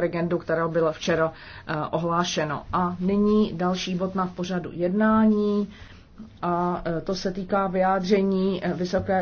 regendu, které bylo včera eh, ohlášeno. A nyní další bod na pořadu jednání a eh, to se týká vyjádření eh, vysoké